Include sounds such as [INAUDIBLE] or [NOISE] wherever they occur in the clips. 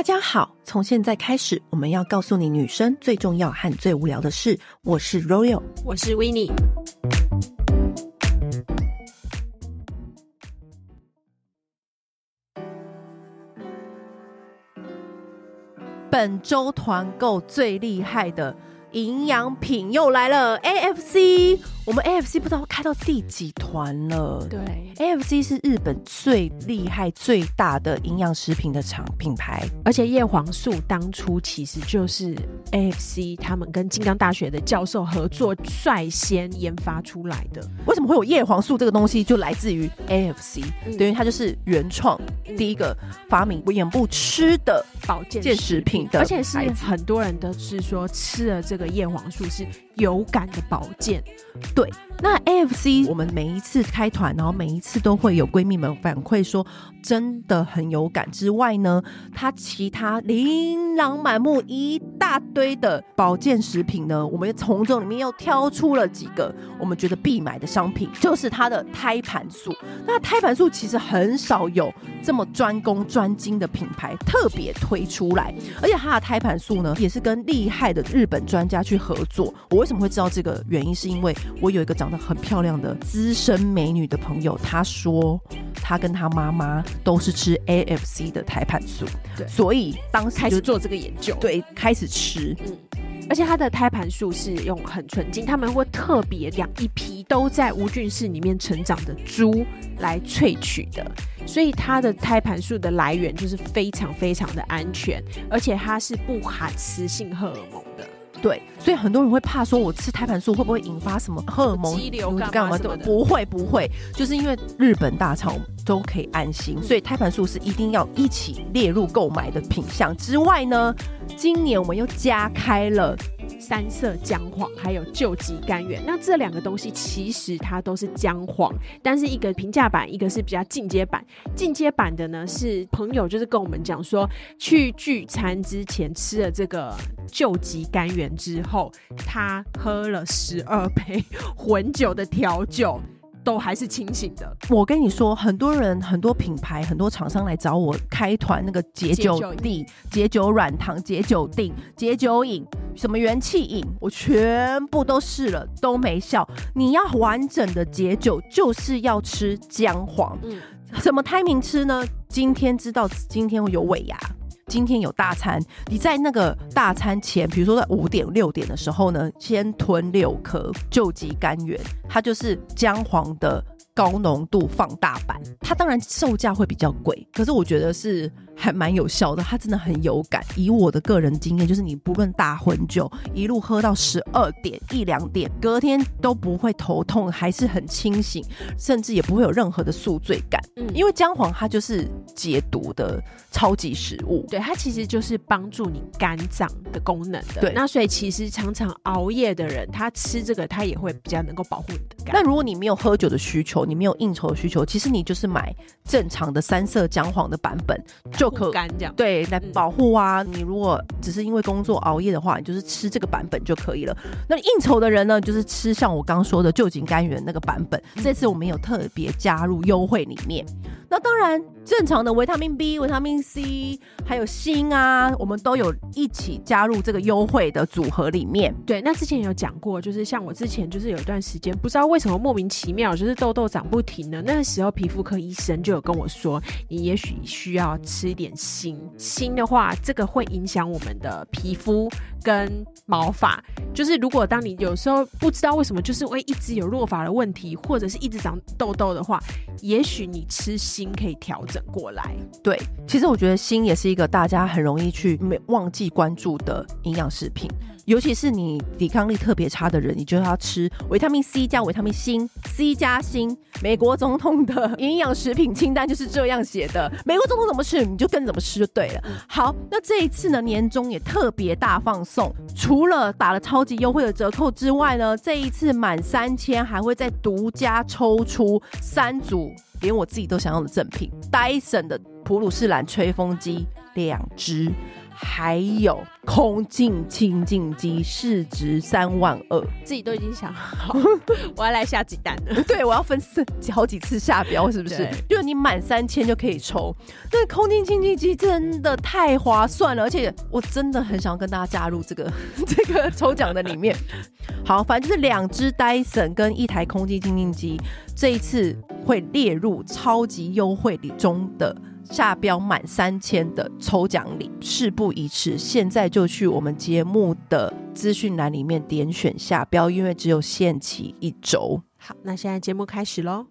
大家好，從現在開始，我們要告訴你女生最重要和最無聊的事。我是 Royal，我是 Winnie。本周團購最厲害的。營養品又來了，AFC，我們 AFC 不知道開到第幾團了。對，AFC 是日本最厲害、最大的營養食品的廠品牌。而且葉黃素當初其實就是 AFC 他們跟慶應大學的教授合作率先研發出來的。為什麼會有葉黃素這個東西？就來自於 AFC，等、嗯、於它就是原創第一個發明眼部吃的保健食品的，而且是很多人都是說吃了這個。個葉黃素是。有感的保健，對，那 AFC 我們每一次開團，然後每一次都會有閨蜜們反饋說真的很有感。之外呢，它其他琳琅滿目一大堆的保健食品呢，我們從中裡面又挑出了幾個我們覺得必買的商品，就是它的胎盤素。那胎盤素其實很少有這麼專攻專精的品牌特別推出來，而且它的胎盤素呢，也是跟厲害的日本專家去合作。為什麼會知道這個原因？是因為我有一個長得很漂亮的資深美女的朋友，她說她跟她媽媽都是吃 AFC 的胎盤素，對，所以當時就開始做這個研究，對，開始吃，嗯，而且她的胎盤素是用很純淨，他們會特別養一批都在無菌室裡面成長的豬來萃取的，所以它的胎盤素的來源就是非常非常的安全，而且它是不含雌性荷爾蒙的。對，所以很多人會怕說，我吃胎盤素會不會引發什麼荷爾蒙肌瘤幹嘛？不會不會，嗯，就是因為日本大廠都可以安心，嗯，所以胎盤素是一定要一起列入購買的品項之外呢。今年我們又加開了。三色薑黃還有救急甘源，那這兩個東西其實它都是薑黃，但是一個平價版，一個是比較進階版。進階版的呢，是朋友就是跟我們講說，去聚餐之前吃了這個救急甘源之後，他喝了十二杯混酒的調酒。都還是清醒的。我跟你說，很多人、很多品牌、很多廠商來找我開團那個解酒劑、解酒軟糖、解酒錠、解酒飲，什麼元氣飲，我全部都試了，都沒效。你要完整的解酒，就是要吃薑黃。嗯，什麼 timing 吃呢？今天知道，今天有尾牙。今天有大餐，你在那個大餐前，比如說在五點六點的時候呢，先吞六顆救急肝源，它就是薑黃的高濃度放大版，它當然售價會比較貴，可是我覺得是。還蠻有效的，它真的很有感。以我的個人經驗，就是你不論大混酒，一路喝到十二點一兩點，隔天都不會頭痛，還是很清醒，甚至也不會有任何的宿醉感。嗯，因為薑黃它就是解毒的超級食物，對它其實就是幫助你肝臟的功能的。對，那所以其實常常熬夜的人，他吃這個，他也會比較能夠保護你的肝。那如果你沒有喝酒的需求，你沒有應酬的需求，其實你就是買正常的三色薑黃的版本就。這樣對，來保護啊，嗯。你如果只是因為工作熬夜的話，你就是吃這個版本就可以了。那應酬的人呢，就是吃像我剛說的就近肝源那個版本。嗯，這次我們有特別加入優惠裡面。那當然，正常的維他命 B、維他命 C，還有鋅啊，我們都有一起加入這個優惠的組合裡面。對，那之前有講過，就是像我之前就是有一段時間，不知道為什麼莫名其妙就是痘痘長不停呢。那個時候皮膚科醫生就有跟我說，你也許需要吃一點鋅。鋅的話，這個會影響我們的皮膚。跟毛髮，就是如果當你有時候不知道為什麼就是會一直有落髮的問題，或者是一直長痘痘的話，也許你吃鋅可以調整過來。對，其實我覺得鋅也是一個大家很容易去沒忘記關注的營養食品。尤其是你抵抗力特別差的人，你就要吃維他命 C 加維他命鋅 C，C 加鋅。美國總統的營養食品清單就是這樣寫的。美國總統怎麼吃，你就跟怎麼吃就對了。好，那這一次呢，年終也特別大放送，除了打了超級優惠的折扣之外呢，這一次滿三千還會再獨家抽出三組連我自己都想要的贈品——戴森的普魯士藍吹風機兩隻。還有空氣清淨機，市值三萬二，自己都已經想好， [LAUGHS] 我要來下幾單了。 [LAUGHS] 對，我要分四好幾次下標，是不是？就是你滿三千就可以抽。那空氣清淨機真的太划算了，而且我真的很想要跟大家加入這個這個抽獎的裡面。 [LAUGHS] 好，反正就是兩隻 Dyson 跟一台空氣清淨機，這一次會列入超級優惠裡中的。下標滿三千的抽獎禮，事不宜遲，現在就去我們節目的資訊欄裡面點選下標，因為只有限期一周。好，那現在節目開始嘍。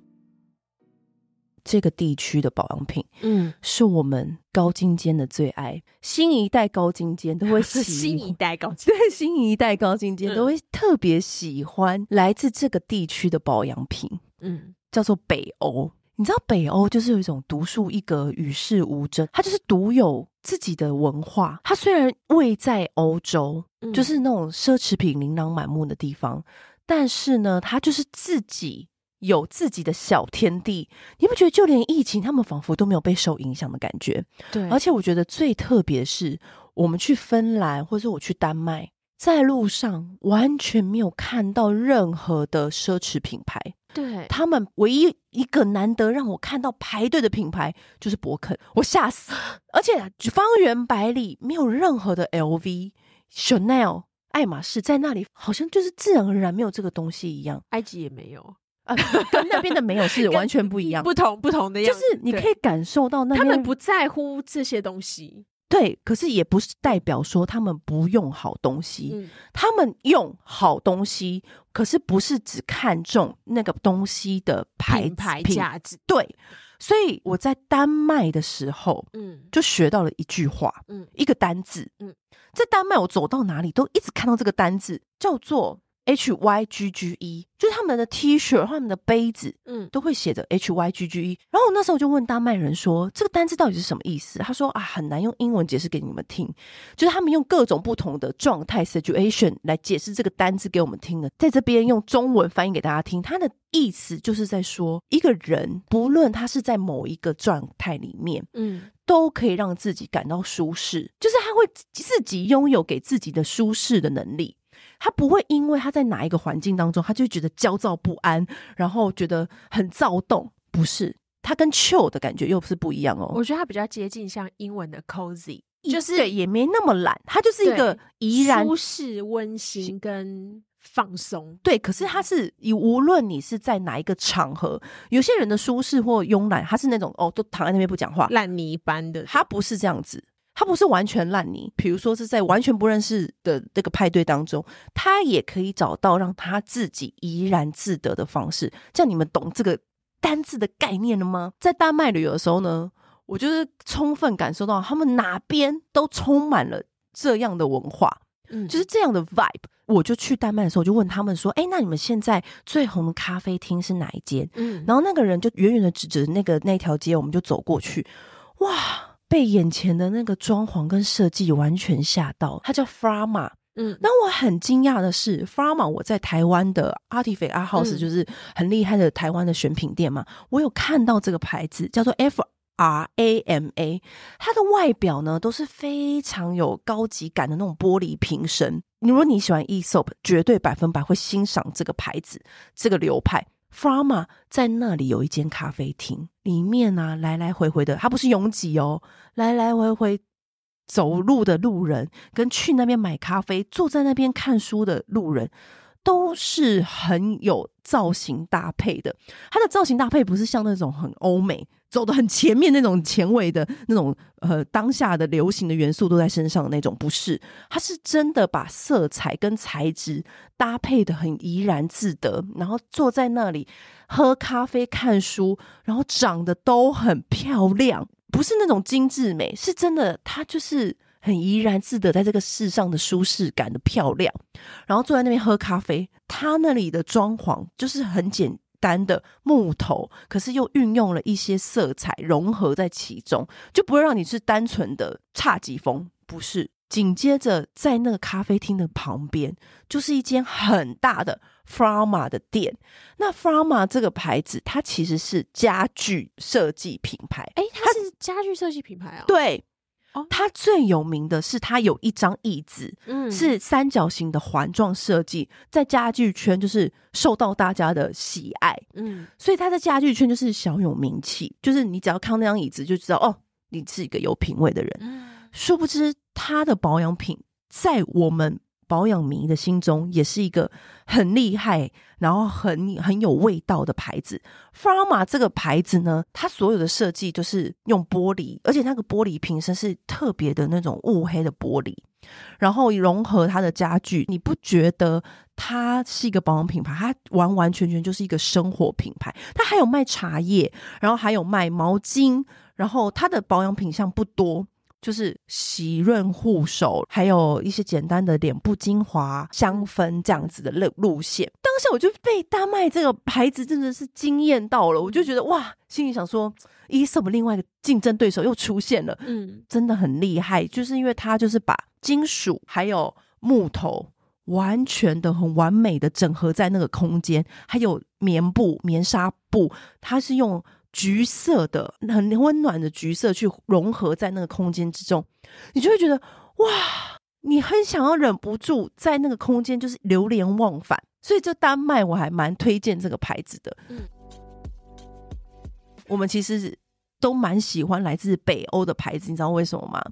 這個地區的保養品，嗯，是我們高精尖的最愛，新一代高精尖都會喜， [LAUGHS] 新一代高精尖 [LAUGHS] 對，新一代高精尖都會特別喜歡來自這個地區的保養品，嗯，叫做北歐。你知道北歐就是有一種獨樹一格、與世無爭，它就是獨有自己的文化。它雖然位在歐洲，嗯，就是那種奢侈品琳琅滿目的地方，但是呢，它就是自己有自己的小天地。你不覺得就連疫情，他們仿佛都沒有被受影響的感覺？對，而且我覺得最特別是，我們去芬蘭，或者我去丹麥，在路上完全沒有看到任何的奢侈品牌。對，他們唯一一個難得讓我看到排隊的品牌就是伯肯，我嚇死！而且、啊、方圓百里沒有任何的 LV、 [LAUGHS] Chanel、愛馬仕在那裡，好像就是自然而然沒有這個東西一樣。埃及也沒有啊、呃，跟那邊的沒有 [LAUGHS] 是完全不一樣，不同不同的樣子。就是你可以感受到那，那他們不在乎這些東西。對，可是也不是代表說他們不用好東西，嗯，他們用好東西，可是不是只看中那個東西的牌子，品牌價值。對，所以我在丹麥的時候，嗯，就學到了一句話，嗯，一個單字，這，嗯嗯、在丹麥我走到哪裡都一直看到這個單字，叫做 H Y G G E，就是他們的 T 恤、他們的杯子，嗯，都會寫着 H Y G G E。然後我那時候就問丹麥人說：“這個單字到底是什麼意思？”他說：“啊，很難用英文解釋給你們聽，就是他們用各種不同的狀態 （situation） 來解釋這個單字給我們聽的。在這邊用中文翻譯給大家聽，它的意思就是在說，一個人不論他是在某一個狀態裡面，嗯，都可以讓自己感到舒適，就是他會自己擁有給自己的舒適的能力。”他不會因為他在哪一個環境當中，他就會覺得焦躁不安，然後覺得很躁動。不是，他跟 chill 的感覺又不是不一樣哦。我覺得他比較接近像英文的 cozy，就是也沒那麼懶，他就是一個怡然舒適、溫馨跟放鬆。對，可是他是以無論你是在哪一個場合，有些人的舒適或慵懶，他是那種哦，都躺在那邊不講話，爛泥一般的。他不是這樣子。他不是完全爛泥，比如說是在完全不認識的這個派對當中，他也可以找到讓他自己怡然自得的方式。這樣你們懂這個單字的概念了嗎？在丹麥旅遊的時候呢，我就是充分感受到他們哪邊都充滿了這樣的文化，嗯，就是這樣的 vibe。我就去丹麥的時候，我就問他們說：“哎、欸，那你們現在最紅的咖啡廳是哪一間、嗯？”然後那個人就遠遠的指着那個那條街，我們就走過去，哇。被眼前的那個裝潢跟設計完全嚇到，它叫 Frama。嗯，讓我很驚訝的是，Frama 我在台灣的 Artifact Art House 就是很厲害的台灣的選品店嘛，嗯、我有看到這個牌子叫做 F R A M A，它的外表呢都是非常有高級感的那種玻璃瓶身。如果你喜歡 Aesop，絕對百分百會欣賞這個牌子這個流派。FRAMA 在那裡有一間咖啡廳，裡面呢、啊、來來回回的，它不是擁擠哦，來來回回走路的路人跟去那邊買咖啡、坐在那邊看書的路人，都是很有造型搭配的。它的造型搭配不是像那種很歐美。走得很前面那種前衛的那種，呃，當下的流行的元素都在身上的那種，不是，他是真的把色彩跟材質搭配得很怡然自得，然後坐在那裡喝咖啡看書，然後長得都很漂亮，不是那種精緻美，是真的，他就是很怡然自得在這個世上的舒適感的漂亮，然後坐在那邊喝咖啡，他那裡的裝潢就是很簡。單的木頭，可是又運用了一些色彩融合在其中，就不會讓你是單純的侘寂風。不是，緊接着在那個咖啡廳的旁邊，就是一間很大的 Frama 的店。那 Frama 這個牌子，它其實是家具設計品牌。誒，它是家具設計品牌啊？對。他、哦、最有名的是他有一張椅子，嗯，是三角形的環狀設計，在家具圈就是受到大家的喜愛，嗯、所以他在家具圈就是小有名氣，就是你只要看那張椅子就知道哦，你是一個有品位的人。嗯、殊不知他的保養品在我們。保養迷的心中也是一個很厲害，然後很很有味道的牌子。FRAMA 這個牌子呢，它所有的設計就是用玻璃，而且那個玻璃瓶身是特別的那種霧黑的玻璃，然後融合它的家具，你不覺得它是一個保養品牌？它完完全全就是一個生活品牌。它還有賣茶葉，然後還有賣毛巾，然後它的保養品項不多。就是洗潤護手，還有一些簡單的臉部精華、香氛這樣子的路路線。當下我就被丹麥這個牌子真的是驚艷到了，我就覺得哇，心裡想說，咦，什麼？另外一個競爭對手又出現了，嗯，真的很厲害。就是因為它就是把金屬還有木頭完全的、很完美的整合在那個空間，還有棉布、棉紗布，它是用。橘色的很溫暖的橘色去融合在那個空間之中，你就會覺得哇，你很想要忍不住在那個空間就是流連忘返。所以這丹麥我還蠻推薦這個牌子的。嗯，我們其實都蠻喜歡來自北歐的牌子，你知道為什麼嗎？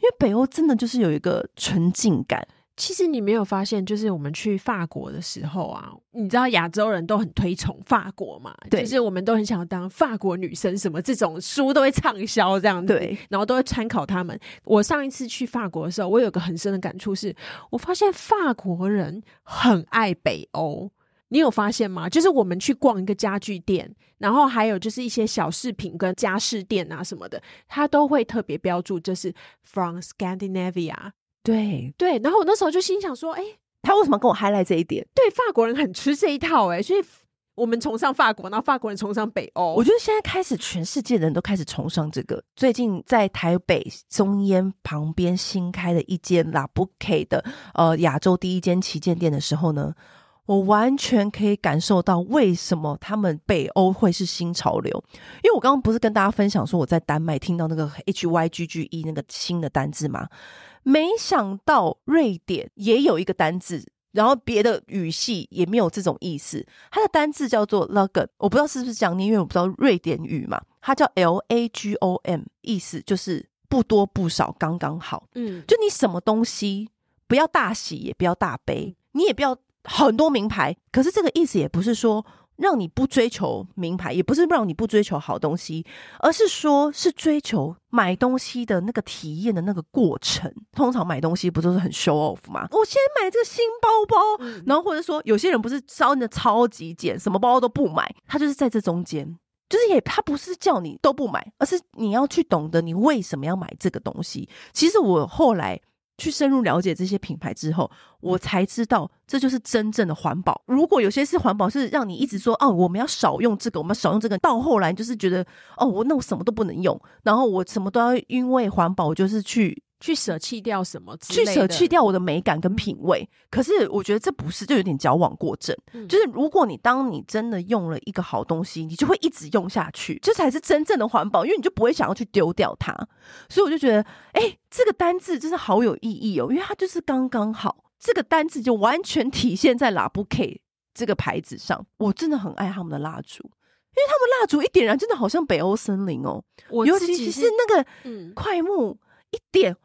因為北歐真的就是有一個純淨感。其實你沒有發現，就是我們去法國的時候啊，你知道亞洲人都很推崇法國嘛？對，就是、我們都很想當法國女生，什麼這種書都會暢銷這樣，對。然後都會參考他們。我上一次去法國的時候，我有個很深的感觸是，是我發現法國人很愛北歐。你有發現嗎？就是我們去逛一個家具店，然後還有就是一些小飾品跟家飾店啊什麼的，他都會特別標注，就是 from Scandinavia。對對，然後我那時候就心想說，哎、欸，他為什麼跟我 highlight 這一點？對，法國人很吃這一套、欸，哎，所以我們崇尚法國，然後法國人崇尚北歐。我覺得現在開始，全世界人都開始崇尚這個。最近在台北中煙旁邊新開了一間 L:A BRUKET 的呃亞洲第一間旗艦店的時候呢。我完全可以感受到為什麼他們北歐會是新潮流，因為我剛剛不是跟大家分享說我在丹麥聽到那個 H Y G G E 那個新的單字嗎？沒想到瑞典也有一個單字，然後別的語系也沒有這種意思。它的單字叫做 logan，我不知道是不是這樣唸，因為我不知道瑞典語嘛。它叫 L A G O M，意思就是不多不少，剛剛好。嗯，就你什麼東西不要大喜，也不要大悲，你也不要。很多名牌，可是這個意思也不是說讓你不追求名牌，也不是讓你不追求好東西，而是說是追求買東西的那個體驗的那個過程。通常買東西不都是很 show off 嘛？我先買這個新包包，然後或者說有些人不是真的超級簡，什麼包包都不買，他就是在這中間，就是也他不是叫你都不買，而是你要去懂得你為什麼要買這個東西。其實我後來。去深入了解這些品牌之後，我才知道這就是真正的環保。如果有些是環保，是讓你一直說哦，我們要少用這個，我們要少用這個，到後來就是覺得哦，我那我什麼都不能用，然後我什麼都要因為環保，就是去。去捨棄掉什麼？去捨棄掉我的美感跟品味，嗯。可是我覺得這不是，就有點矯枉過正。就是如果你當你真的用了一個好東西，你就會一直用下去，這才是真正的環保，因為你就不會想要去丟掉它。所以我就覺得，哎，欸，這個單字真的好有意義哦，喔，因為它就是剛剛好，這個單字就完全體現在 L:A BRUKET 這個牌子上。我真的很愛他們的蠟燭，因為他們蠟燭一點燃真的好像北歐森林哦，喔，尤其是那個檜木一點。嗯。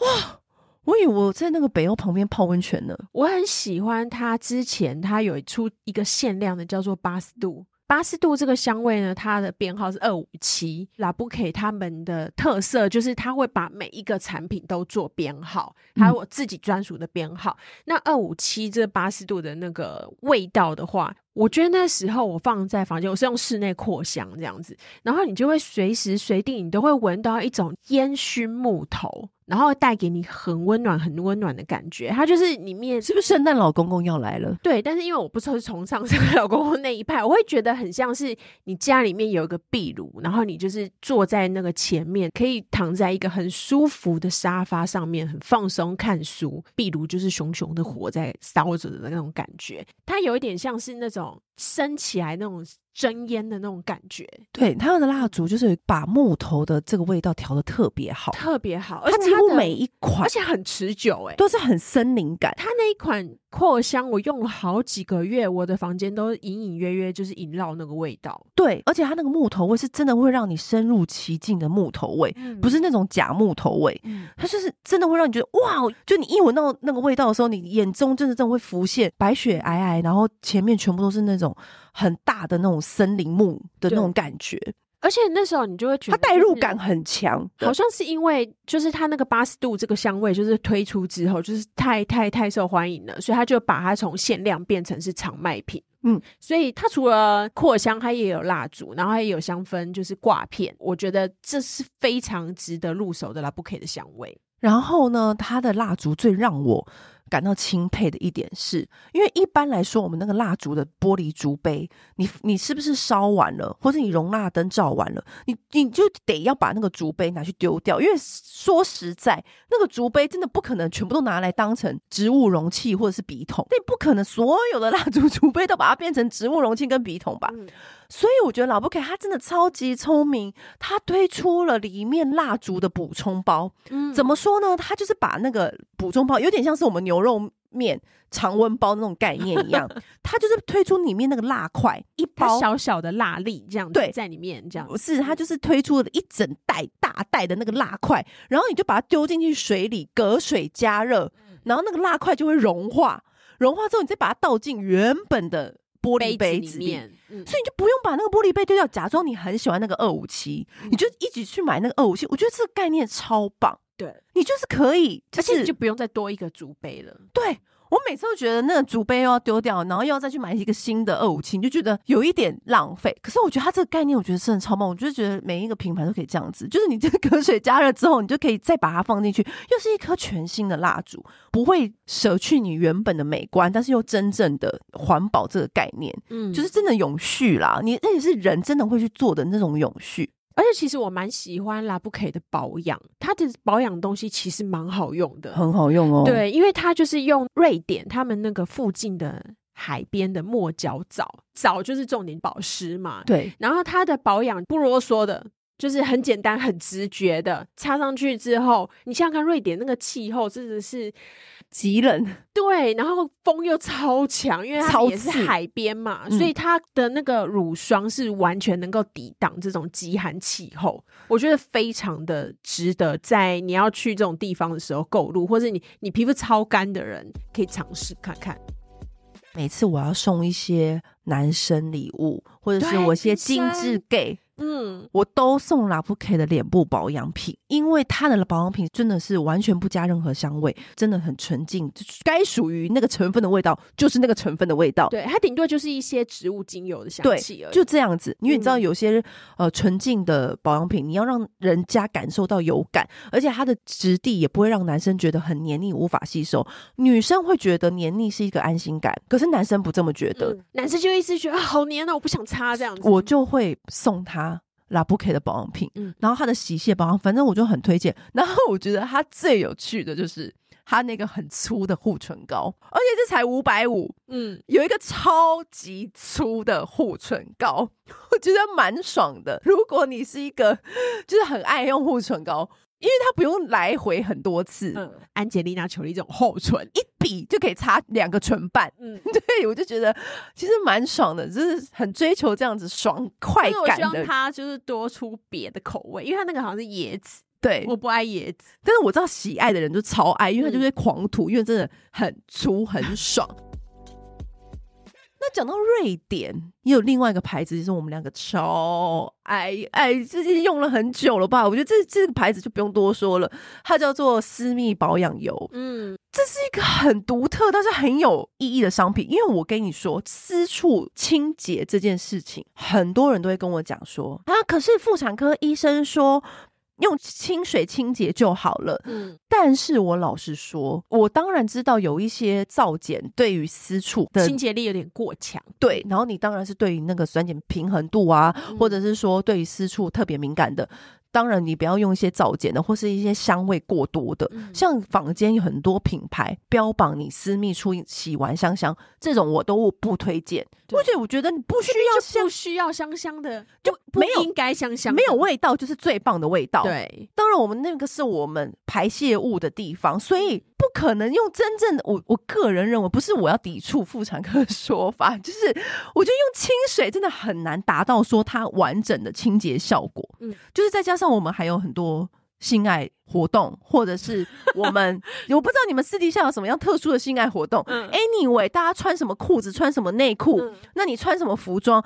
哇！我以為我在那個北歐旁邊泡溫泉呢。我很喜歡它，之前它有一出一個限量的，叫做巴斯度。巴斯度這個香味呢，它的編號是二五七。L:A BRUKET 他們的特色就是，他會把每一個產品都做編號，還有我自己專屬的編號。嗯、那二五七這巴斯度的那個味道的話，我覺得那時候我放在房間，我是用室內擴香這樣子，然後你就會隨時隨地，你都會聞到一種煙燻木頭。然後帶給你很溫暖、很溫暖的感覺。它，就是裡面是不是聖誕老公公要來了？對，但是因為我不是崇尚聖誕老公公那一派，我會覺得很像是你家裡面有一個壁爐，然後你就是坐在那個前面，可以躺在一個很舒服的沙發上面，很放鬆看書。壁爐就是熊熊的火在燒着的那種感覺，它有一點像是那種升起來那種。真煙的那種感覺，對，他們的蠟燭就是把木頭的這個味道調得特別好，特別好，它幾乎每一款，而且很持久、欸，誒，都是很森林感。它那一款。擴香我用了好幾個月，我的房間都隱隱約約就是縈繞那個味道。對，而且它那個木頭味是真的會讓你深入其境的木頭味，嗯、不是那種假木頭味、嗯。它就是真的會讓你覺得哇！就你一聞到那個味道的時候，你眼中真的真的會浮現白雪皚皚，然後前面全部都是那種很大的那種森林木的那種感覺。而且那時候你就會覺得它代入感很強，好像是因為就是它那個八十度這個香味就是推出之後就是太太太受歡迎了，所以他就把它從限量變成是常賣品。嗯，所以它除了擴香，它也有蠟燭，然後它也有香氛，就是掛片。我覺得這是非常值得入手的啦。不可以的香味，然後呢，它的蠟燭最讓我，感到欽佩的一點是，因為一般來說，我們那個蠟燭的玻璃燭杯，你你是不是燒完了，或者你融蠟燈照完了，你你就得要把那個燭杯拿去丟掉，因為說實在，那個燭杯真的不可能全部都拿來當成植物容器或者是筆筒，那不可能所有的蠟燭燭杯都把它變成植物容器跟筆筒吧？嗯，所以我覺得老布克他真的超級聰明，他推出了裡面蠟燭的補充包。嗯，怎麼說呢？他就是把那個補充包有點像是我們牛。牛肉麵常溫包那種概念一樣， [LAUGHS] 它就是推出裡面那個蠟塊一包，它小小的蠟粒這樣子，對，在裡面這樣。不是，它就是推出了一整袋大袋的那個蠟塊，然後你就把它丟進去水裡隔水加熱，嗯，然後那個蠟塊就會融化，融化之後你再把它倒進原本的玻璃杯子裡，杯子裡面，嗯，所以你就不用把那個玻璃杯丟掉，假裝你很喜歡那個二五七，你就一直去買那個二五七。我覺得這個概念超棒。對，你就是可以，就是、而且你就不用再多一個燭杯了。對我每次都覺得那個燭杯又要丟掉，然後又要再去買一個新的二五七，就覺得有一點浪費。可是我覺得它這個概念，我覺得真的超棒。我就覺得每一個品牌都可以這樣子，就是你這個隔水加熱之後，你就可以再把它放進去，又是一顆全新的蠟燭，不會捨去你原本的美觀，但是又真正的環保，這個概念，嗯，就是真的永續啦。你那也是人真的會去做的那種永續。而且其實我蠻喜歡 L:A BRUKET 的保養，它的保養東西其實蠻好用的，很好用哦。對，因為它就是用瑞典他們那個附近的海邊的墨角藻，藻就是重點保濕嘛。對，然後它的保養不囉嗦的。就是很簡單、很直覺的，擦上去之後，你想想看，瑞典那個氣候真的是極冷，對，然後風又超強，因為它也是海邊嘛、嗯，所以它的那個乳霜是完全能夠抵擋這種極寒氣候，我覺得非常的值得在你要去這種地方的時候購入，或是你你皮膚超乾的人可以嘗試看看。每次我要送一些男生禮物，或者是我些精致給。嗯，我都送 L:A BRUKET 的臉部保養品，因為他的保養品真的是完全不加任何香味，真的很純淨，該屬於那個成分的味道就是那個成分的味道。對，它頂多就是一些植物精油的香氣而已，對，就這樣子。因為你知道，有些、嗯、呃純淨的保養品，你要讓人家感受到有感，而且它的質地也不會讓男生覺得很黏膩，無法吸收。女生會覺得黏膩是一個安心感，可是男生不這麼覺得、嗯，男生就一直覺得好黏啊，我不想擦這樣子。我就會送他。L:A BRUKET 的保養品，嗯，然後它的洗卸保養，反正我就很推薦。然後我覺得它最有趣的就是它那個很粗的護唇膏，而且這才五百五，嗯，有一個超級粗的護唇膏，我覺得蠻爽的。如果你是一個，就是很愛用護唇膏。因為它不用來回很多次，嗯、安潔莉娜裘莉一種厚唇，一筆就可以擦兩個唇瓣。嗯， [LAUGHS] 對，我就覺得其實蠻爽的，就是很追求這樣子爽快感的。我希望他就是多出別的口味，因為他那個好像是椰子，對，我不愛椰子，但是我知道喜愛的人就超愛，因為他就會狂塗、嗯，因為真的很粗很爽。 [LAUGHS] 講到瑞典，也有另外一個牌子，就是我們兩個超愛愛，最近用了很久了吧？我覺得這這個牌子就不用多說了，它叫做私密保養油。嗯，這是一個很獨特但是很有意義的商品，因為我跟你說私處清潔這件事情，很多人都會跟我講說啊，可是婦產科醫生說。用清水清潔就好了。嗯，但是我老實說，我當然知道有一些皂鹼對於私處的清潔力有點過強。對，然後你當然是對於那個酸鹼平衡度啊，嗯，或者是說對於私處特別敏感的。當然，你不要用一些皂鹼的，或是一些香味過多的。像坊間有很多品牌標榜你私密處洗完香香，這種我都不推薦。而且我覺得你不需要，就不需要香香的，就沒有不應該香香，沒有味道就是最棒的味道。對，當然我們那個是我們排泄物的地方，所以不可能用真正的。我我個人認為，不是我要抵觸婦產科的說法，就是我覺得用清水真的很難達到說它完整的清潔效果。嗯，就是再加上。那我們還有很多性愛活動，或者是我們 [LAUGHS] 我不知道你們私底下有什麼樣特殊的性愛活動、嗯。Anyway，大家穿什麼褲子，穿什麼內褲、嗯，那你穿什麼服裝，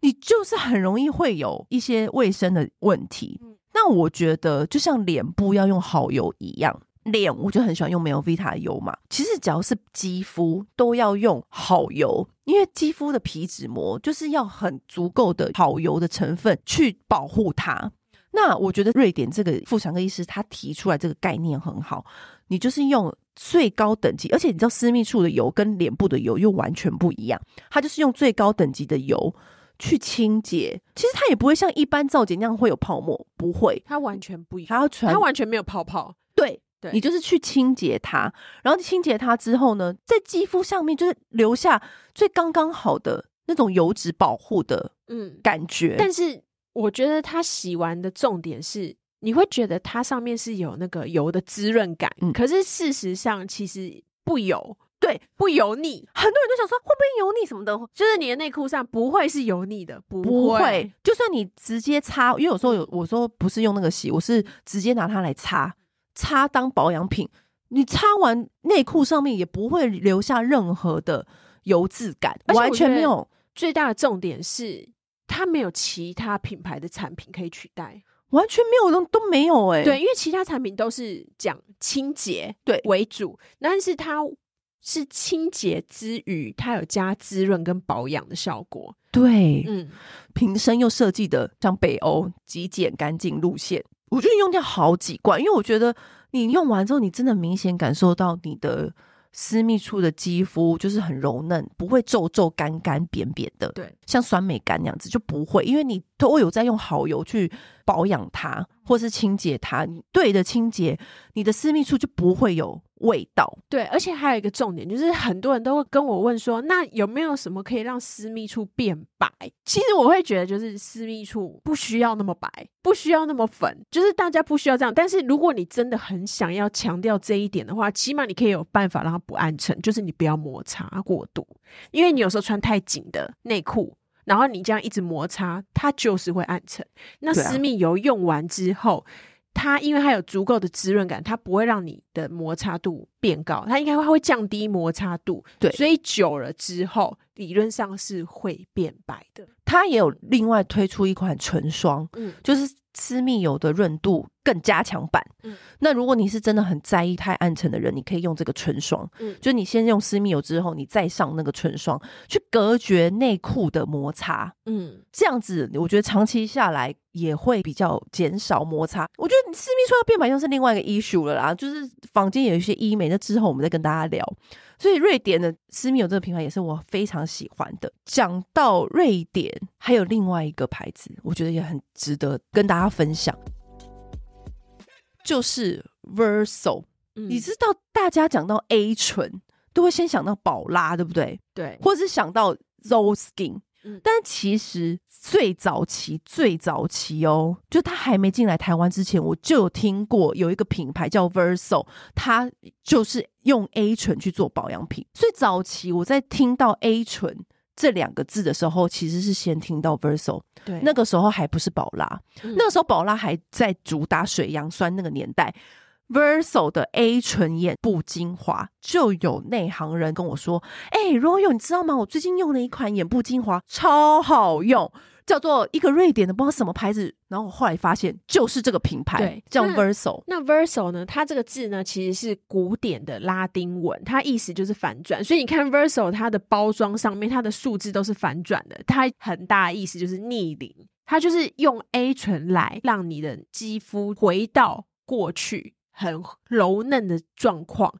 你就是很容易會有一些衛生的問題。嗯、那我覺得就像臉部要用好油一樣，臉我就很喜歡用 Melvita 油嘛。其實只要是肌膚都要用好油，因為肌膚的皮脂膜就是要很足夠的好油的成分去保護它。那我覺得瑞典這個婦產科醫師他提出來這個概念很好，你就是用最高等級，而且你知道私密處的油跟臉部的油又完全不一樣，它就是用最高等級的油去清潔，其實它也不會像一般皂潔那樣會有泡沫，不會，它完全不一樣，它完它完全沒有泡泡，對，對你就是去清潔它，然後你清潔它之後呢，在肌膚上面就是留下最剛剛好的那種油脂保護的嗯感覺嗯，但是。我覺得它洗完的重點是，你會覺得它上面是有那個油的滋潤感。嗯，可是事實上其實不油，對，不油膩。很多人都想說會不會油膩什麼的，就是你的內褲上不會是油膩的不，不會。就算你直接擦，因為有時候有我說不是用那個洗，我是直接拿它來擦，擦當保養品。你擦完內褲上面也不會留下任何的油漬感，完全沒有。最大的重點是。它沒有其他品牌的產品可以取代，完全沒有，都都沒有哎、欸。對，因為其他產品都是講清潔對為主，但是它是清潔之餘，它有加滋潤跟保養的效果。對，嗯，瓶身又設計的像北歐極簡乾淨路線，我覺得用掉好幾罐，因為我覺得你用完之後，你真的明顯感受到你的。私密處的肌膚就是很柔嫩，不會皺皺、乾乾、扁扁的。對，像酸梅乾那樣子就不會，因為你。都有在用好油去保養它，或是清潔它。你對着清潔，你的私密處就不會有味道。對，而且還有一個重點，就是很多人都會跟我問說，那有沒有什麼可以讓私密處變白？其實我會覺得，就是私密處不需要那麼白，不需要那麼粉，就是大家不需要這樣。但是如果你真的很想要強調這一點的話，起碼你可以有辦法讓它不暗沉，就是你不要摩擦過度，因為你有時候穿太緊的內褲。然後你這樣一直摩擦，它就是會暗沉。那私密油用完之後，啊，它因為它有足夠的滋潤感，它不會讓你的摩擦度變高，它應該會會降低摩擦度。對，所以久了之後，理論上是會變白的。它也有另外推出一款唇霜，嗯，就是私密油的潤度。更加強版。嗯，那如果你是真的很在意太暗沉的人，你可以用這個唇霜。嗯，就是你先用私密油之後，你再上那個唇霜，去隔絕內褲的摩擦。嗯，這樣子我覺得長期下來也會比較減少摩擦。我覺得私密霜要變白用是另外一個 issue 了啦，就是坊間有一些醫美，那之後我們再跟大家聊。所以瑞典的私密油這個品牌也是我非常喜歡的。講到瑞典，還有另外一個牌子，我覺得也很值得跟大家分享。就是 Verso，嗯，你知道大家講到 A 醇都會先想到寶拉，對不對？對，或者是想到 Zo Skin，但其實最早期、最早期哦，就他還沒進來台灣之前，我就有聽過有一個品牌叫 Verso，它就是用 A 醇，去做保養品。所以早期我在聽到 A 醇，這兩個字的時候，其實是先聽到 Verso，對，那個時候還不是寶拉，那個時候寶拉還在主打水楊酸那個年代，嗯，Verso 的 A 醇眼部精華就有內行人跟我說：“哎，Royal 你知道嗎？我最近用了一款眼部精華，超好用。”叫做一個瑞典的不知道什麼牌子，然後我後來發現就是這個品牌對，叫 Verso。那，那 Verso 呢，它這個字呢，其實是古典的拉丁文，它意思就是反轉。所以你看 Verso 它的包裝上面，它的數字都是反轉的，它很大的意思就是逆齡。它就是用 A 醇來讓你的肌膚回到過去。很柔嫩的狀況，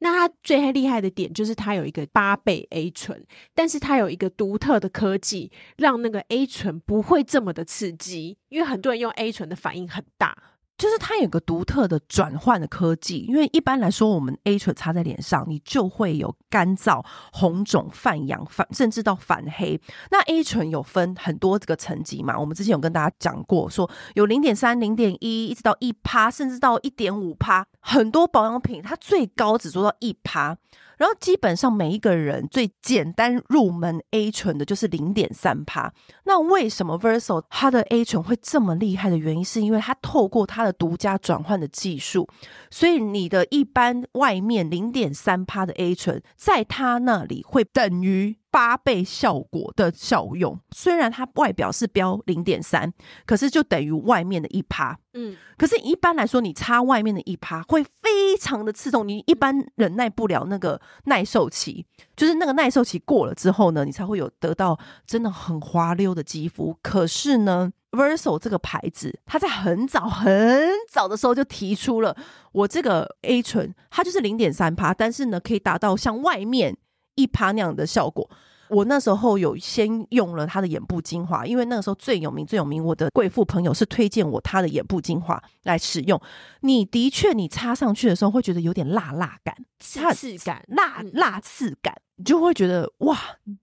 那它最厲害的點就是它有一個八倍 A 醇，但是它有一個獨特的科技，讓那個 A 醇不會這麼的刺激，因為很多人用 A 醇的反應很大。就是它有個獨特的轉換的科技，因為一般來說，我們 A 醇擦在臉上，你就會有乾燥、紅腫、泛癢、泛、甚至到反黑。那 A 醇有分很多這個層級嘛？我們之前有跟大家講過，說有零點三、零點一，一直到一趴，甚至到一點五趴。很多保養品，它最高只做到一趴，然後基本上每一個人最簡單入門 A 醇的就是零點三趴。那為什麼 Verso 它的 A 醇會這麼厲害的原因，是因為它透過它的獨家轉換的技術，所以你的一般外面零點三趴的 A 醇，在它那裡會等於。八倍效果的效用，雖然它外表是標零點三，可是就等於外面的一趴。嗯，可是一般來說，你擦外面的一趴會非常的刺痛，你一般忍耐不了那個耐受期。就是那個耐受期過了之後呢，你才會有得到真的很滑溜的肌膚。可是呢，Verso 這個牌子，它在很早很早的時候就提出了，我這個 A 醇，它就是零點三趴，但是呢，可以達到像外面。一趴那樣的效果，我那時候有先用了它的眼部精華，因為那個時候最有名最有名，我的貴婦朋友是推薦我它的眼部精華來使用。你的確，你擦上去的時候會覺得有點辣辣感，刺感，辣、嗯、辣刺感。就會覺得哇，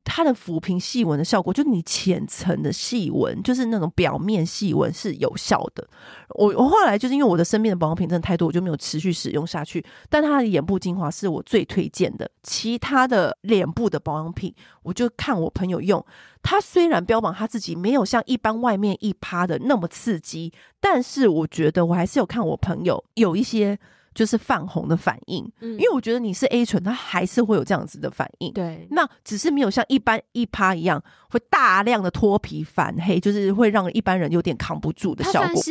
它的撫平細紋的效果，就你淺層的細紋，就是那種表面細紋是有效的。我我後來就是因為我的身邊的保養品真的太多，我就沒有持續使用下去。但它的眼部精華是我最推薦的，其他的臉部的保養品，我就看我朋友用。他雖然標榜他自己沒有像一般外面一趴的那麼刺激，但是我覺得我還是有看我朋友有一些。就是泛紅的反應，嗯、因為我覺得你是 A 醇，它還是會有這樣子的反應。對，那只是沒有像一般一趴一樣，會大量的脫皮反黑，就是會讓一般人有點扛不住的效果。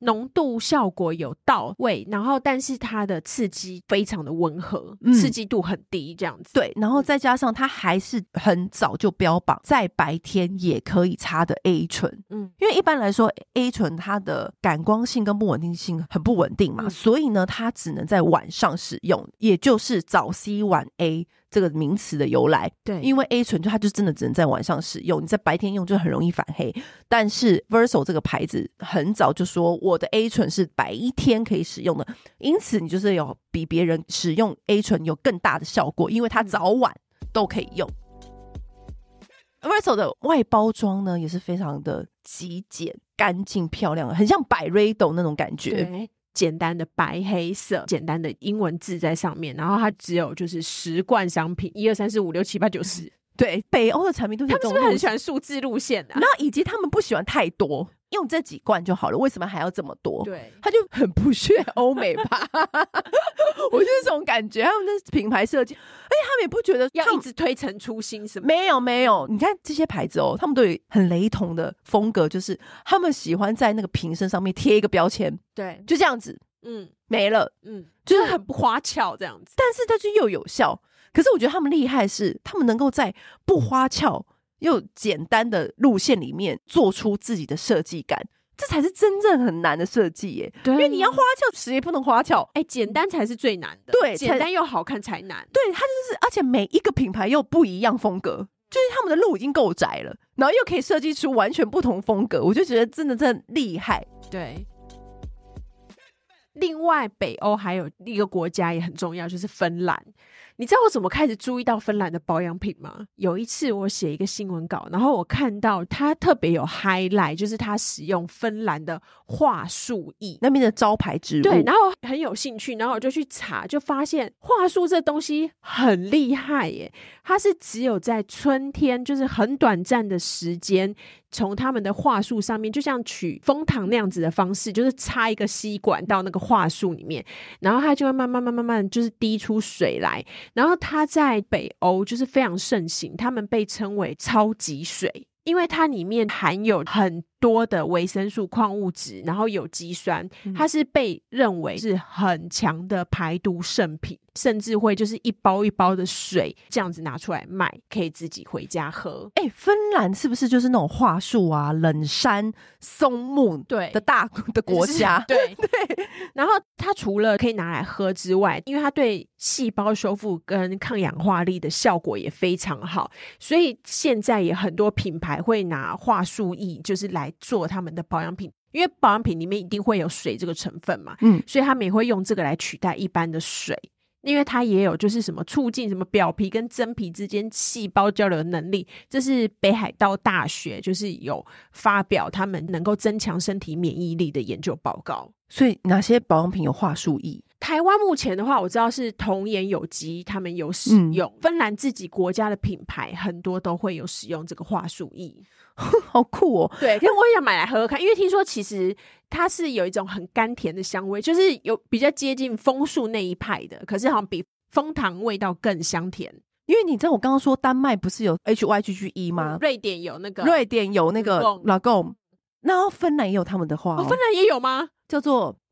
濃度效果有到位，然後但是它的刺激非常的溫和、嗯，刺激度很低這樣子。對，然後再加上它還是很早就標榜在白天也可以擦的 A 醇，嗯，因為一般來說 A 醇它的感光性跟不穩定性很不穩定嘛、嗯，所以呢它只能在晚上使用，也就是早 C 晚 A。這個名詞的由來，對，因為 A 醇它就真的只能在晚上使用，你在白天用就很容易反黑。但是 Verso 這個牌子很早就說，我的 A 醇是白一天可以使用的，因此你就是有比別人使用 A 醇有更大的效果，因為它早晚都可以用。嗯、Verso 的外包裝呢，也是非常的極簡、乾淨、漂亮的，很像百瑞德那種感覺。簡單的白黑色，簡單的英文字在上面，然後它只有就是十罐商品，一二三四五六七八九十。 [LAUGHS] 對，北歐的產品都是這種他們是不是很喜歡數字路線的？啊，然後以及他們不喜歡太多，用這幾罐就好了，為什麼還要這麼多？對，他就很不屑歐美吧， [LAUGHS] [LAUGHS] 我是這種感覺。還有那品牌設計，哎，他們也不覺得要一直推陳出新什麼？沒有沒有，你看這些牌子哦，他們都有很雷同的風格，就是他們喜歡在那個瓶身上面貼一個標籤，對，就這樣子，嗯，沒了，嗯，就是很不花俏這樣子，嗯，但是它就又有有效。可是我覺得他們厲害是，他們能夠在不花俏又簡單的路線裡面做出自己的設計感，這才是真正很難的設計耶。對。因為你要花俏，其實也不能花俏，哎、欸，簡單才是最難的。對，簡單又好看才難。才對，它就是，而且每一個品牌又不一樣風格，就是他們的路已經夠窄了，然後又可以設計出完全不同風格，我就覺得真的真的厲害。對。另外，北歐還有一個國家也很重要，就是芬蘭。你知道我怎麼開始注意到芬蘭的保養品嗎？有一次我寫一個新聞稿，然後我看到它特別有 highlight，就是它使用芬蘭的樺樹液，那邊的招牌植物。對，然後很有興趣，然後我就去查，就發現樺樹這東西很厲害耶！它是只有在春天，就是很短暫的時間，從他們的樺樹上面，就像取楓糖那樣子的方式，就是插一個吸管到那個樺樹裡面，然後它就會慢慢、慢慢、慢慢，就是滴出水來。然後它在北歐就是非常盛行，他們被稱為“超級水”，因為它裡面含有很多的維生素、礦物質，然後有機酸、嗯，它是被認為是很強的排毒聖品，甚至會就是一包一包的水這樣子拿出來賣，可以自己回家喝。哎、欸，芬蘭是不是就是那種樺樹啊、冷杉、松木對的大，對的，大的國家。對對。 [LAUGHS] 然後它除了可以拿來喝之外，因為它對細胞修復跟抗氧化力的效果也非常好，所以現在也很多品牌會拿樺樹液就是來。來做他們的保養品，因為保養品裡面一定會有水這個成分嘛，嗯，所以他們也會用這個來取代一般的水，因為它也有就是什麼促進什麼表皮跟真皮之間細胞交流的能力，這是北海道大學就是有發表他們能夠增強身體免疫力的研究報告，所以哪些保養品有樺樹液？台灣目前的話，我知道是童顏有機，他們有使用、嗯、芬蘭自己國家的品牌，很多都會有使用這個樺樹液， [LAUGHS] 好酷哦、喔！對，其實我也想買來喝喝看，因為聽說其實它是有一種很甘甜的香味，就是有比較接近楓樹那一派的，可是好像比楓糖味道更香甜。因為你知道我剛剛說丹麥不是有 H Y G G E 嗎、嗯？瑞典有那個，瑞典有那個老公、嗯，然後芬蘭也有他們的花、喔哦，芬蘭也有嗎？叫做。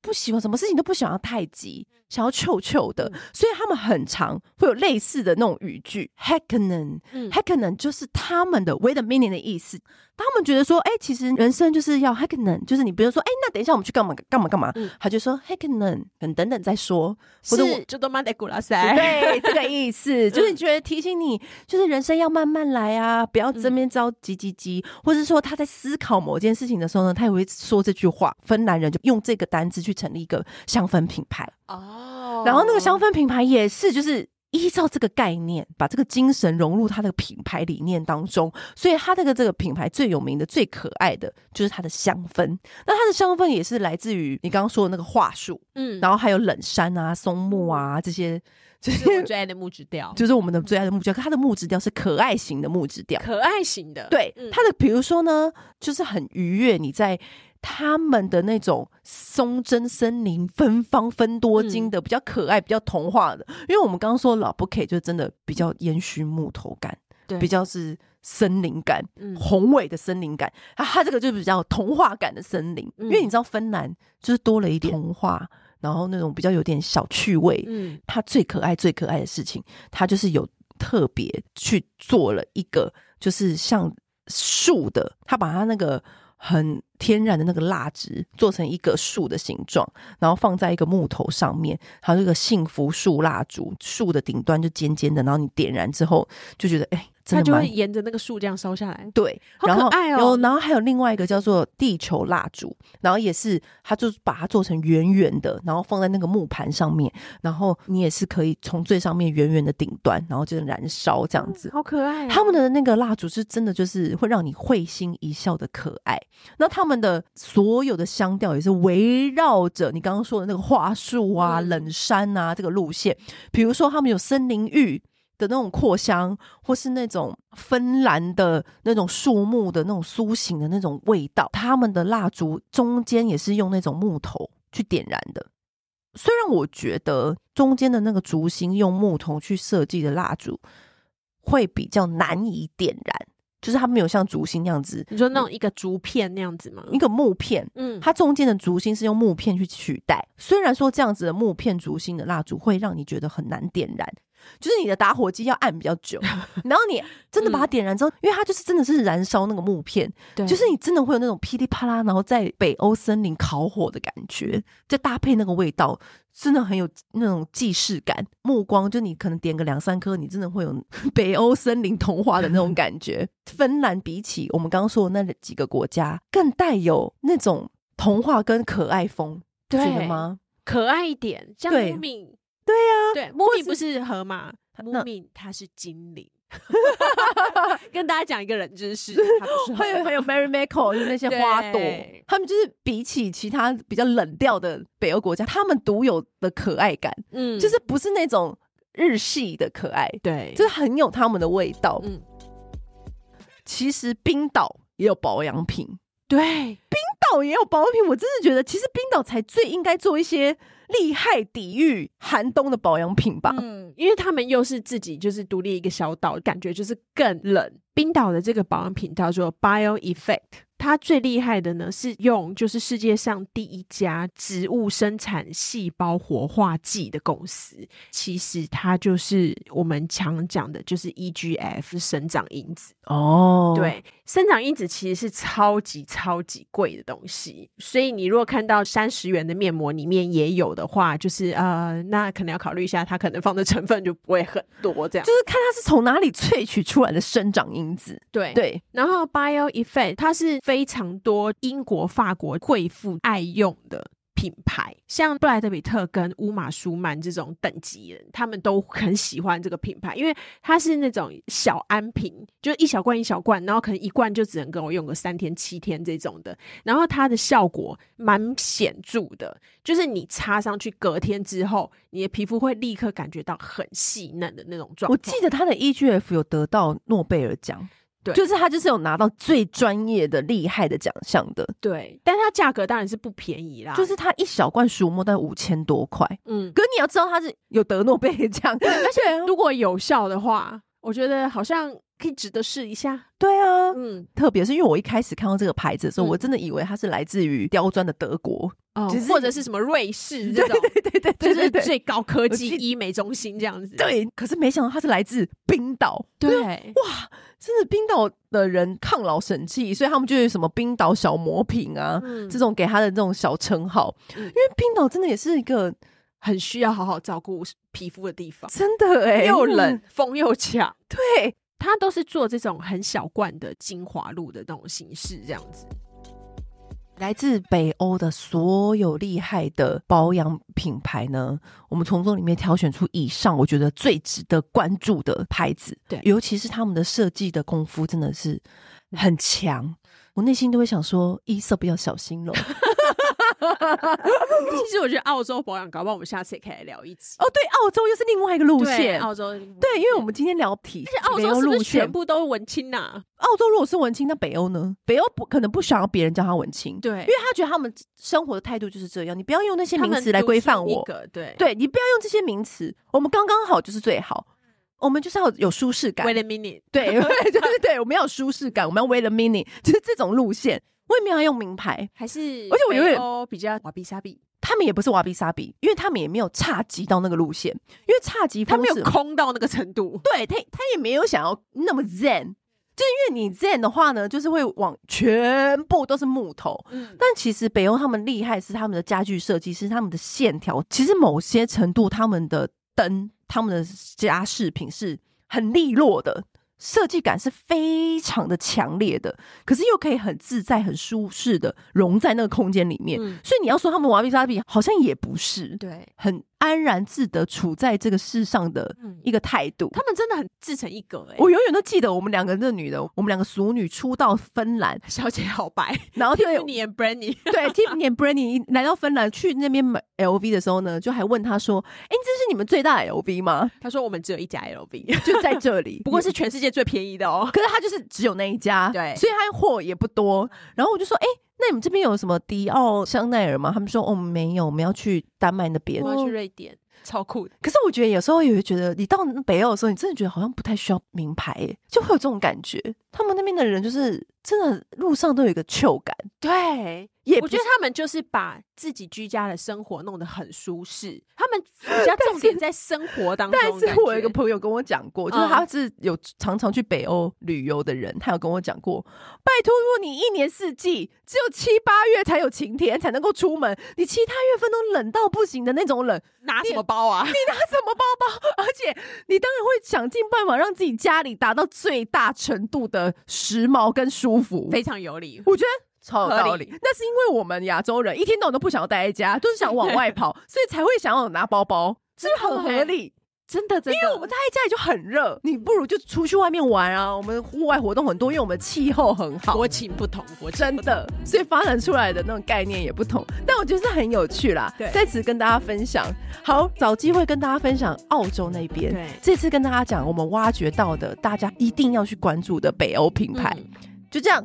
不喜歡什麼事情都不想要太急，嗯、想要臭臭的、嗯，所以他們很常會有類似的那種語句。Hacken，Hacken、嗯、就是他們的 wait a minute 的意思。他們覺得說，哎、欸，其實人生就是要 Hacken，就是你比如說，哎、欸，那等一下我們去幹嘛幹嘛幹嘛，他、嗯、就說 Hacken，等等等再說，嗯、者我是者就都慢點過來噻，對這個意思， [LAUGHS] 就是覺得提醒你，就是人生要慢慢來啊，不要這邊着急急急，或者說他在思考某件事情的時候呢，他也會說這句話。芬蘭人就用這個單字。去成立一個香氛品牌哦、oh，然後那個香氛品牌也是就是依照這個概念，把這個精神融入它的品牌理念當中，所以它這個這個品牌最有名的、最可愛的就是它的香氛。那它的香氛也是來自於你剛剛說的那個樺樹。嗯，然後還有冷杉啊、松木啊這些，就是，是我最愛的木質調，就是我們的最愛的木質調。它的木質調是可愛型的木質調，可愛型的。對，它的比如說呢，就是很愉悅你在。他們的那種松針森林、芬芳、芬多精的、嗯、比較可愛、比較童話的，因為我們剛剛說老不 k 就真的比較煙燻木頭感，對，比較是森林感，宏、嗯、偉的森林感。他這個就比較童話感的森林，嗯、因為你知道芬蘭就是多了一點童話，嗯、然後那種比較有點小趣味，嗯，最可愛、最可愛的事情，他就是有特別去做了一個，就是像樹的，他把他那個。很天然的那個蠟紙做成一個樹的形狀，然後放在一個木頭上面，它這個幸福樹蠟燭，樹的頂端就尖尖的，然後你點燃之後就覺得，哎、欸。它就會沿着那個樹這樣燒下來，對，好可愛哦、喔。然後還有另外一個叫做地球蠟燭，然後也是它就把它做成圓圓的，然後放在那個木盤上面，然後你也是可以從最上面圓圓的頂端，然後就燃燒這樣子，嗯、好可愛、喔。他們的那個蠟燭是真的就是會讓你會心一笑的可愛。那他們的所有的香調也是圍繞着你剛剛說的那個花束啊、嗯、冷杉啊這個路線，比如說他們有森林浴的那種擴香，或是那種芬蘭的那種樹木的那種甦醒的那種味道，他們的蠟燭中間也是用那種木頭去點燃的。雖然我覺得中間的那個燭芯用木頭去設計的蠟燭會比較難以點燃，就是它沒有像燭芯那樣子，你說那種一個竹片那樣子嗎？一個木片，嗯，它中間的燭芯是用木片去取代。雖然說這樣子的木片燭芯的蠟燭會讓你覺得很難點燃。就是你的打火機要按比較久，然後你真的把它點燃之後， [LAUGHS] 嗯、因為它就是真的是燃燒那個木片，對，就是你真的會有那種噼裡啪啦，然後在北歐森林烤火的感覺。再搭配那個味道，真的很有那種既視感。目光就你可能點個兩三顆，你真的會有北歐森林童話的那種感覺。 [LAUGHS] 芬蘭比起我們剛剛說的那幾個國家，更帶有那種童話跟可愛風，對嗎？可愛一點，這樣，對。對呀、啊，對 Moomin 不是河馬 Moomin，他是精靈。 [LAUGHS] [LAUGHS] [LAUGHS] 跟大家講一個冷知識，還 [LAUGHS] [LAUGHS] 還、還有 Marimekko 就是那些花朵。他們就是比起其他比較冷調的北歐國家，他們獨有的可愛感，嗯，就是不是那種日系的可愛，對，就是很有他們的味道。嗯，其實冰島也有保養品。對，冰島也有保養品，我真的覺得，其實冰島才最應該做一些厲害抵禦寒冬的保養品吧，嗯，因為他們又是自己就是獨立一個小島，感覺就是更冷。冰島的這個保養品叫做 Bio Effect。它最厲害的呢，是用就是世界上第一家植物生產細胞活化劑的公司，其實它就是我們常講的，就是 EGF 是生長因子哦。Oh. 對，生長因子其實是超級超級貴的東西，所以你如果看到三十元的面膜裡面也有的話，就是呃，那可能要考慮一下，它可能放的成分就不會很多這樣。就是看它是從哪裡萃取出來的生長因子。對對，然後 Bio Effect 它是。非常多英國、法國貴婦愛用的品牌，像布萊德比特跟烏瑪舒曼這種等級人，他們都很喜歡這個品牌，因為它是那種小安瓶，就是一小罐、一小罐，然後可能一罐就只能給我用個三天七天這種的。然後它的效果蠻顯著的，就是你擦上去隔天之後，你的皮膚會立刻感覺到很細嫩的那種狀況。我記得它的 EGF 有得到諾貝爾獎。對，就是他，就是有拿到最專業的、厲害的獎項的。對，但它價格當然是不便宜啦。就是它一小罐數目在五千多塊。嗯，可你要知道它是有得諾貝爾獎的，而且 [LAUGHS] 如果有效的話， [LAUGHS] 我覺得好像。可以值得試一下。對啊，嗯，特別是因為我一開始看到這個牌子的時候，嗯、我真的以為它是來自於刁鑽的德國、嗯，或者是什麼瑞士，這種對對，對對對，就是最高科技醫美中心這樣子。對，可是沒想到它是來自冰島，對，對、啊，哇，真的冰島的人抗老神器，所以他們就有什麼冰島小魔瓶啊，嗯，這種給他的這種小稱號、嗯。因為冰島真的也是一個很需要好好照顧皮膚的地方，真的哎，欸，又冷，嗯，風又強，對。它都是做這種很小罐的精華露的那種形式，這樣子。來自北歐的所有厲害的保養品牌呢，我們從中裡面挑選出以上我覺得最值得關注的牌子，對，尤其是他們的設計的功夫真的是很強、嗯，我內心都會想說：伊色不要小心囉。 [LAUGHS] [LAUGHS] 其實我覺得澳洲保養，搞不好我們下次也可以來聊一次。哦，對，澳洲又是另外一個路線。澳洲對，因為我們今天聊體，路線澳洲是不是全部都是文青吶、啊？澳洲如果是文青，那北歐呢？北歐不可能不想要別人叫他文青，對，因為他覺得他們生活的態度就是這樣。你不要用那些名詞來規範我個，對，對你不要用這些名詞，我們剛剛好就是最好，我們就是要有舒適感。為了 mini，對，對 [LAUGHS] 對、就是、對，我們要有舒適感，我們要為了 mini，就是這種路線。為什麼要用名牌？還是而且我有比較瓦比沙比，他們也不是瓦比沙比，因為他們也沒有差級到那個路線，因為差級他沒有空到那個程度，對他他也沒有想要那麼 Zen，就因為你 Zen 的話呢，就是會往全部都是木頭。嗯、但其實北歐他們厲害是他們的家具設計師、他們的線條，其實某些程度他們的燈、他們的家飾品是很利落的。設計感是非常的強烈的，可是又可以很自在、很舒適的融在那個空間裡面，嗯。所以你要說他們娃比薩比好像也不是，對，很。安然自得處在這個世上的一個態度，他們真的很自成一格哎、欸！我永遠都記得我們兩個那女的，我們兩個熟女出到芬蘭，小姐好白。然後 Tiffany and Brandy，對 [LAUGHS] Tiffany and Brandy 來到芬蘭去那邊買 LV 的時候呢，就還問他說：“哎、欸，這是你們最大的 LV 嗎？”他說：“我們只有一家 LV， [LAUGHS] 就在這裡，不過是全世界最便宜的哦、喔。 [LAUGHS] ”可是他就是只有那一家，對，所以他貨也不多。然後我就說：“哎、欸。”那你們這邊有什麼迪奧、香奈兒嗎？他們說，我們、哦、沒有，我們要去丹麥那邊，我們要去瑞典，超酷。可是我覺得有時候也會覺得，你到北歐的時候，你真的覺得好像不太需要名牌，哎，就會有這種感覺。他們那邊的人就是真的路上都有一個 chill 感，對。我覺得他們就是把自己居家的生活弄得很舒適，他們比較重點在生活當中但。但是我有一個朋友跟我講過、嗯，就是他是有常常去北歐旅遊的人，他有跟我講過：拜托，如果你一年四季只有七八月才有晴天才能夠出門，你其他月份都冷到不行的那種冷，拿什麼包啊？你，你拿什麼包包？而且你當然會想盡辦法讓自己家裡達到最大程度的時髦跟舒服。非常有理，我覺得。超有道理，合理，那是因為我們亞洲人一天到晚都不想要待在家，就是想往外跑， [LAUGHS] 所以才會想要拿包包，是不是很合理？真的，真的，因為我們待在家裡就很熱，你不如就出去外面玩啊。我們戶外活動很多，因為我們氣候很好，國情不同，我真的，所以發展出來的那種概念也不同。但我覺得是很有趣啦，對，在此跟大家分享。好，找機會跟大家分享澳洲那邊。這次跟大家講我們挖掘到的，大家一定要去關注的北歐品牌，嗯，就這樣。